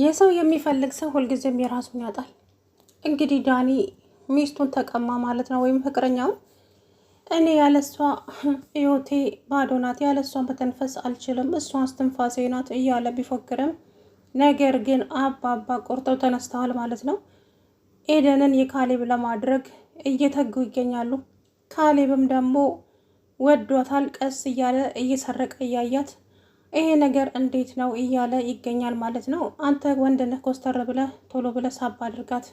የሰው የሚፈልግ ሰው ሁልጊዜም የራሱን ያጣል። እንግዲህ ዳኒ ሚስቱን ተቀማ ማለት ነው፣ ወይም ፍቅረኛውን። እኔ ያለሷ ህይወቴ ባዶ ናት፣ ያለሷን በተንፈስ አልችልም፣ እሷን እስትንፋሴ ናት እያለ ቢፎክርም ነገር ግን አባባ ቆርጠው ተነስተዋል ማለት ነው። ኤደንን የካሌብ ለማድረግ እየተጉ ይገኛሉ። ካሌብም ደግሞ ወዷታል። ቀስ እያለ እየሰረቀ እያያት ይሄ ነገር እንዴት ነው እያለ ይገኛል ማለት ነው። አንተ ወንድነህ ኮስተር ብለ ቶሎ ብለ ሳብ አድርጋት።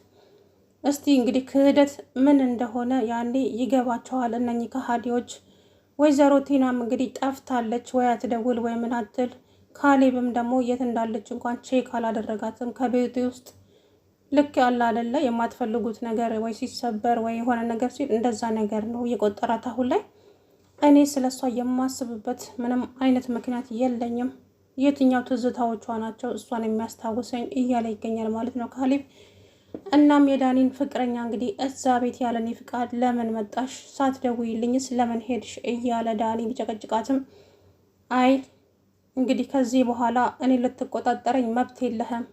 እስቲ እንግዲህ ክህደት ምን እንደሆነ ያኔ ይገባቸዋል እነኚህ ከሃዲዎች። ወይዘሮ ቲናም እንግዲህ ጠፍታለች፣ ወይ አትደውል ወይ ምን አትል። ካሌብም ደግሞ የት እንዳለች እንኳን ቼክ አላደረጋትም ከቤት ውስጥ ልክ ያለ አይደለ የማትፈልጉት ነገር ወይ ሲሰበር ወይ የሆነ ነገር ሲል እንደዛ ነገር ነው እየቆጠራት አሁን ላይ እኔ ስለ እሷ የማስብበት ምንም አይነት ምክንያት የለኝም። የትኛው ትዝታዎቿ ናቸው እሷን የሚያስታውሰኝ እያለ ይገኛል ማለት ነው ካሌብ። እናም የዳኒን ፍቅረኛ እንግዲህ እዛ ቤት ያለኔ ፍቃድ ለምን መጣሽ? ሳትደውይልኝስ ለምን ሄድሽ? እያለ ዳኒ ቢጨቀጭቃትም አይ እንግዲህ ከዚህ በኋላ እኔ ልትቆጣጠረኝ መብት የለህም፣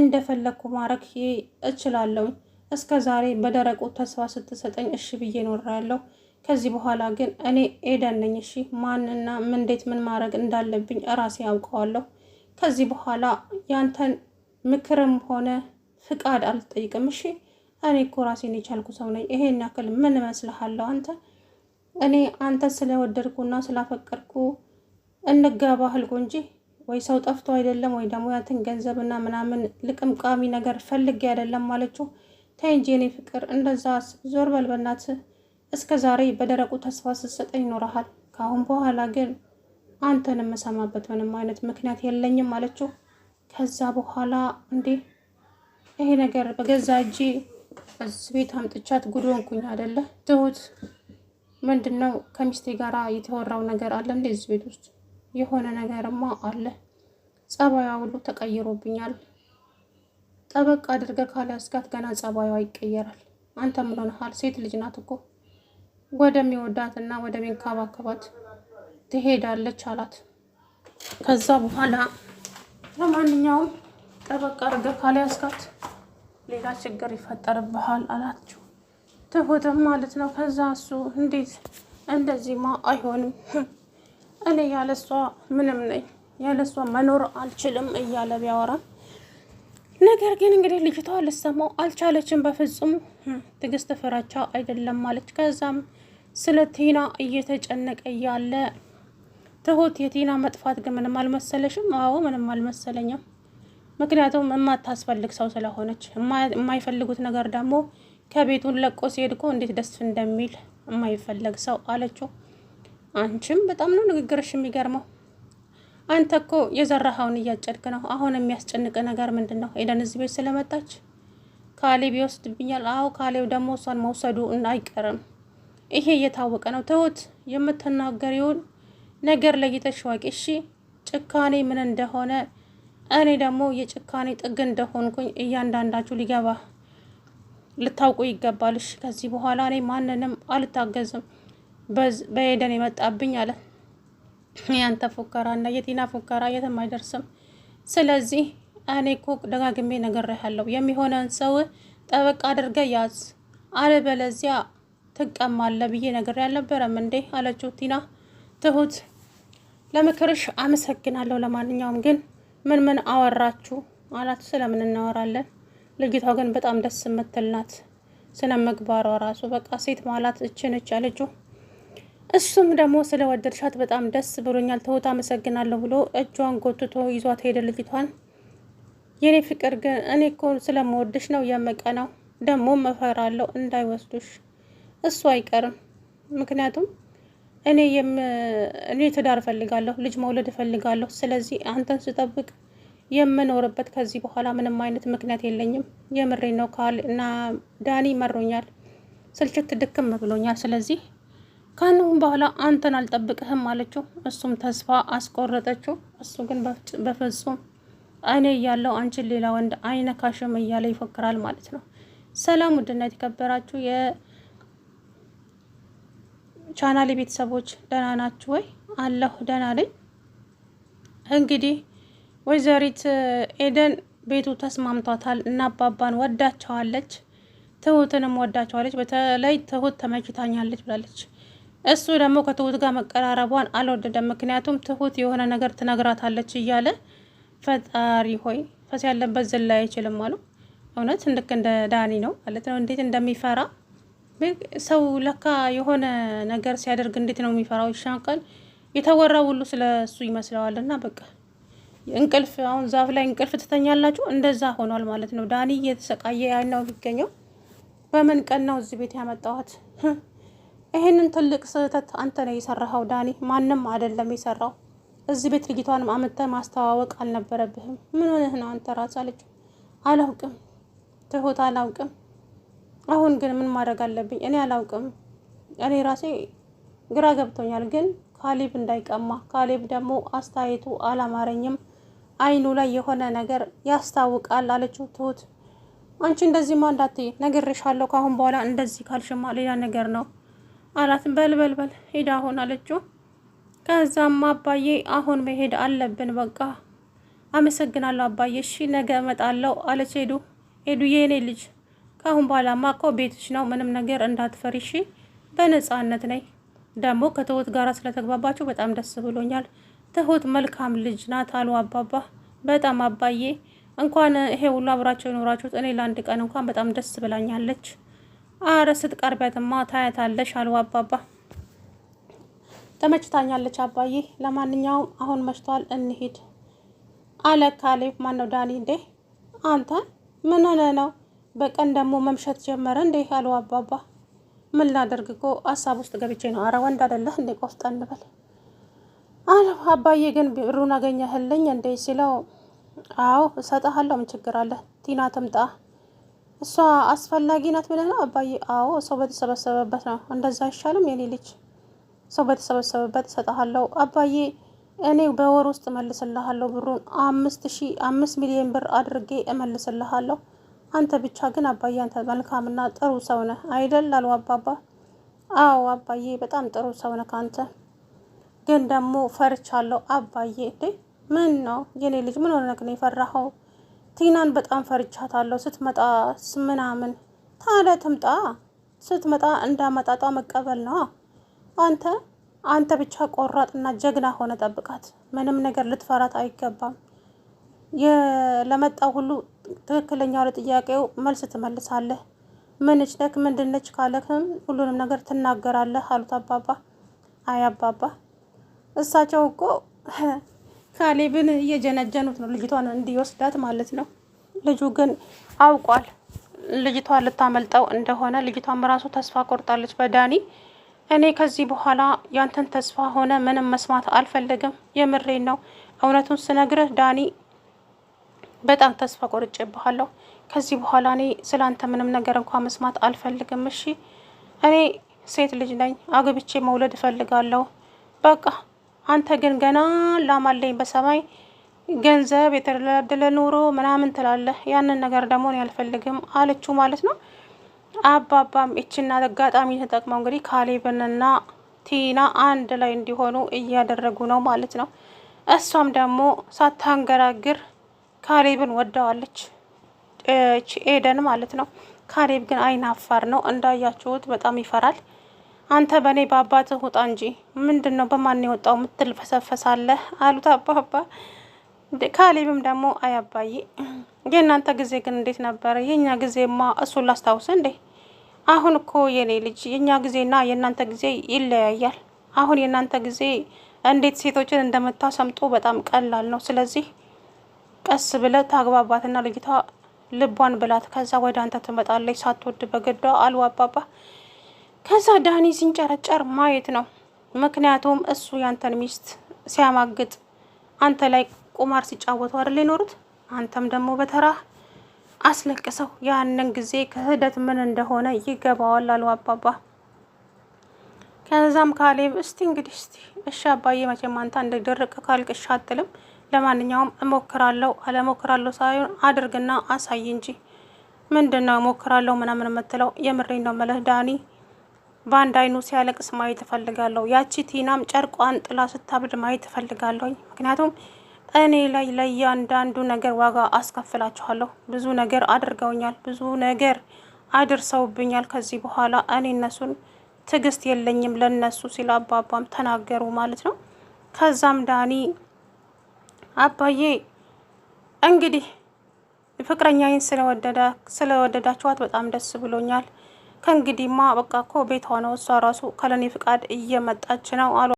እንደፈለግኩ ማድረግ እችላለሁ። እስከ ዛሬ በደረቁ ተስፋ ስትሰጠኝ እሺ ብዬ ኖራለሁ። ከዚህ በኋላ ግን እኔ ኤደን ነኝ። እሺ ማንና እንዴት ምን ማድረግ እንዳለብኝ እራሴ ያውቀዋለሁ። ከዚህ በኋላ ያንተን ምክርም ሆነ ፍቃድ አልጠይቅም። እሺ እኔ እኮ ራሴን የቻልኩ ሰው ነኝ። ይሄን ያክል ምን እመስልሃለሁ አንተ? እኔ አንተ ስለወደድኩና ስላፈቀድኩ እንጋባ እንጂ ወይ ሰው ጠፍቶ አይደለም ወይ ደግሞ ያንተን ገንዘብና ምናምን ልቅምቃሚ ነገር ፈልጌ አይደለም ማለችው። ተይ እንጂ ፍቅር እንደዛ ዞር በልበናት እስከ ዛሬ በደረቁ ተስፋ ስትሰጠኝ ይኖረሃል። ከአሁን በኋላ ግን አንተን የምሰማበት ምንም አይነት ምክንያት የለኝም አለችው። ከዛ በኋላ እንዴ ይሄ ነገር በገዛ እጄ እዚህ ቤት አምጥቻት ጉድ ሆንኩኝ አይደለ ትሁት? ምንድን ነው ከሚስቴ ጋር የተወራው ነገር አለ እንዴ? እዚህ ቤት ውስጥ የሆነ ነገርማ አለ። ጸባዩ ሁሉ ተቀይሮብኛል። ጠበቅ አድርገ ካለ ስጋት ገና ጸባዩ ይቀየራል። አንተ ምን ሆነሃል? ሴት ልጅ ናት እኮ ወደሚወዳትና ወደሚንከባከባት ትሄዳለች አላት። ከዛ በኋላ ለማንኛውም ጠበቅ አድርገህ ካልያዝካት ሌላ ችግር ይፈጠርብሃል አላችው። ትሁትም ማለት ነው። ከዛ እሱ እንዴት እንደዚህማ አይሆንም፣ እኔ ያለሷ ምንም ነኝ፣ ያለሷ መኖር አልችልም እያለ ቢያወራም ነገር ግን እንግዲህ ልጅቷ ልሰማው አልቻለችም። በፍጹም ትዕግስት ፍራቻ አይደለም ማለች። ከዛም ስለ ቲና እየተጨነቀ ያለ ትሁት የቲና መጥፋት ግን ምንም አልመሰለሽም? አዎ ምንም አልመሰለኝም። ምክንያቱም የማታስፈልግ ሰው ስለሆነች የማይፈልጉት ነገር ደግሞ ከቤቱን ለቆ ሲሄድ እኮ እንዴት ደስ እንደሚል የማይፈለግ ሰው አለችው። አንቺም በጣም ነው ንግግርሽ የሚገርመው። አንተ እኮ የዘራኸውን እያጨድክ ነው። አሁን የሚያስጨንቅ ነገር ምንድን ነው? ኤደን እዚህ ቤት ስለመጣች ካሌብ ይወስድብኛል። አዎ ካሌብ ደግሞ እሷን መውሰዱ አይቀርም። ይሄ እየታወቀ ነው። ተውት፣ የምትናገሪውን ነገር ለይተሽ ዋቂ። እሺ፣ ጭካኔ ምን እንደሆነ እኔ ደግሞ የጭካኔ ጥግ እንደሆንኩኝ እያንዳንዳችሁ ሊገባ ልታውቁ ይገባልሽ። ከዚህ በኋላ እኔ ማንንም አልታገዝም። በሄደን የመጣብኝ አለ። ያንተ ፉከራ እና የቲና ፉከራ የትም አይደርስም። ስለዚህ እኔ እኮ ደጋግሜ ያለው የሚሆነን ሰው ጠበቅ አድርገ ያዝ፣ አለበለዚያ ትቀማለህ ብዬ ነገር ያልነበረም እንዴ አለችው ቲና ትሁት ለምክርሽ አመሰግናለሁ ለማንኛውም ግን ምን ምን አወራችሁ አላት ስለምን እናወራለን ልጅቷ ግን በጣም ደስ የምትል ናት ስነ ምግባሯ ራሱ በቃ ሴት ማላት እችንች አለችው እሱም ደግሞ ስለ ወደድሻት በጣም ደስ ብሎኛል ትሁት አመሰግናለሁ ብሎ እጇን ጎትቶ ይዟት ሄደ ልጅቷን የኔ ፍቅር ግን እኔ እኮ ስለምወድሽ ነው የምቀናው ደግሞ መፈራለሁ እንዳይወስዱሽ እሱ አይቀርም። ምክንያቱም እኔ እኔ ትዳር እፈልጋለሁ፣ ልጅ መውለድ እፈልጋለሁ። ስለዚህ አንተን ስጠብቅ የምኖርበት ከዚህ በኋላ ምንም አይነት ምክንያት የለኝም። የምሬ ነው ካል እና ዳኒ መሮኛል፣ ስልችት ድክም ብሎኛል። ስለዚህ ካንሁን በኋላ አንተን አልጠብቅህም አለችው። እሱም ተስፋ አስቆረጠችው። እሱ ግን በፍጹም እኔ እያለው አንቺን ሌላ ወንድ አይነካሽም እያለ ይፎክራል ማለት ነው። ሰላም ውድና የተከበራችሁ ቻናሌ ቤተሰቦች ደህና ናችሁ ወይ? አለሁ ደህና ነኝ። እንግዲህ ወይዘሪት ኤደን ቤቱ ተስማምቷታል እና አባባን ወዳቸዋለች፣ ትሁትንም ወዳቸዋለች። በተለይ ትሁት ተመችታኛለች ብላለች። እሱ ደግሞ ከትሁት ጋር መቀራረቧን አልወደደም። ምክንያቱም ትሁት የሆነ ነገር ትነግራታለች እያለ ፈጣሪ ሆይ ፈስ ያለበት ዝላ አይችልም አሉ። እውነት ልክ እንደ ዳኒ ነው ማለት ነው እንዴት እንደሚፈራ ሰው ለካ የሆነ ነገር ሲያደርግ እንዴት ነው የሚፈራው? ይሻንቃል። የተወራው ሁሉ ስለ እሱ ይመስለዋል። እና በቃ እንቅልፍ አሁን ዛፍ ላይ እንቅልፍ ትተኛላችሁ። እንደዛ ሆኗል ማለት ነው። ዳኒ እየተሰቃየ ያናው የሚገኘው በምን ቀን ነው እዚህ ቤት ያመጣዋት? ይሄንን ትልቅ ስህተት አንተ ነው የሰራኸው ዳኒ፣ ማንም አይደለም የሰራው። እዚህ ቤት ልጅቷን አምተ ማስተዋወቅ አልነበረብህም። ምን ሆነህ ነው አንተ ራስ አለችው። አላውቅም ትሁት፣ አላውቅም አሁን ግን ምን ማድረግ አለብኝ እኔ አላውቅም። እኔ ራሴ ግራ ገብቶኛል። ግን ካሌብ እንዳይቀማ፣ ካሌብ ደግሞ አስተያየቱ አላማረኝም፣ አይኑ ላይ የሆነ ነገር ያስታውቃል አለችው ትሁት። አንቺ እንደዚህማ እንዳትዪ ነግሬሻለሁ። ከአሁን በኋላ እንደዚህ ካልሽማ ሌላ ነገር ነው አላት። በልበልበል ሂድ አሁን አለችው። ከዛም አባዬ አሁን መሄድ አለብን በቃ አመሰግናለሁ አባዬ፣ እሺ ነገ እመጣለሁ አለች ሄዱ ሄዱ የኔ ልጅ ከአሁን በኋላማ እኮ ቤትሽ ነው፣ ምንም ነገር እንዳትፈሪሽ በነፃነት ነይ። ደግሞ ከትሁት ጋር ስለተግባባችሁ በጣም ደስ ብሎኛል። ትሁት መልካም ልጅ ናት አሉ አባባ። በጣም አባዬ፣ እንኳን ይሄ ሁሉ አብራቸው የኖራችሁት እኔ ለአንድ ቀን እንኳን በጣም ደስ ብላኛለች። አረ ስትቀርቢያትማ ታያታለሽ አሉ አባባ። ተመችታኛለች አባዬ። ለማንኛውም አሁን መሽቷል፣ እንሂድ አለ ካሌብ። ማነው ዳኒ እንዴ? አንተ ምን ሆነ ነው በቀን ደግሞ መምሸት ጀመረ እንዴ አለው አባባ። ምን ላደርግ እኮ ሀሳብ ውስጥ ገብቼ ነው። አረ ወንድ አይደለህ እንዴ ቆፍጠን በል አለው። አባዬ ግን ብሩን አገኘህልኝ እንዴ ሲለው አዎ እሰጠሃለሁ። ምን ችግር አለ? ቲና ትምጣ እሷ አስፈላጊ ናት ብለህ ነው አባዬ? አዎ ሰው በተሰበሰበበት ነው። እንደዛ አይሻልም የኔ ልጅ? ሰው በተሰበሰበበት እሰጠሃለሁ አባዬ። እኔ በወር ውስጥ እመልስልሃለሁ ብሩን አምስት ሺህ አምስት ሚሊዮን ብር አድርጌ እመልስልሃለሁ። አንተ ብቻ ግን አባዬ አንተ መልካምና ጥሩ ሰው ነህ አይደል? አሉ አባባ። አዎ አባዬ በጣም ጥሩ ሰው ነህ። ከአንተ ግን ደግሞ ፈርቻለሁ አባዬ። እንዴ ምን ነው የኔ ልጅ ምን ሆነህ ነው የፈራኸው? ቲናን በጣም ፈርቻታለሁ ስትመጣ ምናምን። ታለ ትምጣ፣ ስትመጣ እንዳመጣጧ መቀበል ነው። አንተ አንተ ብቻ ቆራጥና ጀግና ሆነ ጠብቃት። ምንም ነገር ልትፈራት አይገባም። ለመጣው ሁሉ ትክክለኛው ለጥያቄው መልስ ትመልሳለህ። ምንች ነክ ምንድነች ካለህም ሁሉንም ነገር ትናገራለህ አሉት አባባ። አይ አባባ እሳቸው እኮ ካሌብን እየጀነጀኑት ነው ልጅቷን እንዲወስዳት ማለት ነው። ልጁ ግን አውቋል ልጅቷ ልታመልጠው እንደሆነ። ልጅቷም ራሱ ተስፋ ቆርጣለች በዳኒ እኔ ከዚህ በኋላ ያንተን ተስፋ ሆነ ምንም መስማት አልፈልግም። የምሬን ነው። እውነቱን ስነግርህ ዳኒ በጣም ተስፋ ቆርጬብሃለሁ። ከዚህ በኋላ እኔ ስለ አንተ ምንም ነገር እንኳ መስማት አልፈልግም። እሺ እኔ ሴት ልጅ ነኝ፣ አግብቼ መውለድ እፈልጋለሁ። በቃ አንተ ግን ገና ላማለኝ በሰማይ ገንዘብ፣ የተደላደለ ኑሮ ምናምን ትላለህ። ያንን ነገር ደግሞ እኔ አልፈልግም አለችው ማለት ነው። አባባም ይችና አጋጣሚ ተጠቅመው እንግዲህ ካሌብንና ቲና አንድ ላይ እንዲሆኑ እያደረጉ ነው ማለት ነው። እሷም ደግሞ ሳታንገራግር ካሌብን ወደዋለች ኤደን ማለት ነው። ካሌብ ግን አይን አፋር ነው እንዳያችሁት፣ በጣም ይፈራል። አንተ በእኔ በአባት ውጣ እንጂ ምንድን ነው በማን የወጣው ምትል ፈሰፈሳለህ አሉት አባባ። ካሌብም ደግሞ አይ የእናንተ ጊዜ ግን እንዴት ነበረ? የእኛ ጊዜማ እሱን ላስታውስ እንዴ? አሁን እኮ የኔ ልጅ የእኛ ጊዜና የእናንተ ጊዜ ይለያያል። አሁን የእናንተ ጊዜ እንዴት ሴቶችን እንደምታሰምጦ በጣም ቀላል ነው። ስለዚህ ቀስ ብለ ታግባባትና ልጅቷ ልቧን ብላት፣ ከዛ ወደ አንተ ትመጣለች ሳትወድ በግዷ አሉ አባባ። ከዛ ዳኒ ሲንጨረጨር ማየት ነው። ምክንያቱም እሱ ያንተን ሚስት ሲያማግጥ አንተ ላይ ቁማር ሲጫወቱ አይደል ይኖሩት? አንተም ደግሞ በተራ አስለቅሰው ያንን ጊዜ ክህደት ምን እንደሆነ ይገባዋል አሉ አባባ። ከዛም ካሌብ እስቲ እንግዲህ እስቲ እሺ አባዬ መቼም አንተ እንደ ድርቅ ካልቅሻ አትልም ለማንኛውም እሞክራለሁ አለሞክራለሁ ሳይሆን አድርግና አሳይ እንጂ ምንድን ነው እሞክራለሁ ምናምን የምትለው? የምሬ ነው መለህ ዳኒ። በአንድ አይኑ ሲያለቅስ ማየት እፈልጋለሁ። ያቺ ቲናም ጨርቋን ጥላ ስታብድ ማየት እፈልጋለሁኝ። ምክንያቱም እኔ ላይ ለእያንዳንዱ ነገር ዋጋ አስከፍላችኋለሁ። ብዙ ነገር አድርገውኛል፣ ብዙ ነገር አድርሰውብኛል። ከዚህ በኋላ እኔ እነሱን ትዕግስት የለኝም ለነሱ ሲል አባባም ተናገሩ ማለት ነው። ከዛም ዳኒ አባዬ እንግዲህ ፍቅረኛዬን ስለወደዳ ስለወደዳችኋት በጣም ደስ ብሎኛል። ከእንግዲህማ በቃ እኮ ቤቷ ነው እሷ ራሱ ከለኔ ፍቃድ እየመጣች ነው አሉ።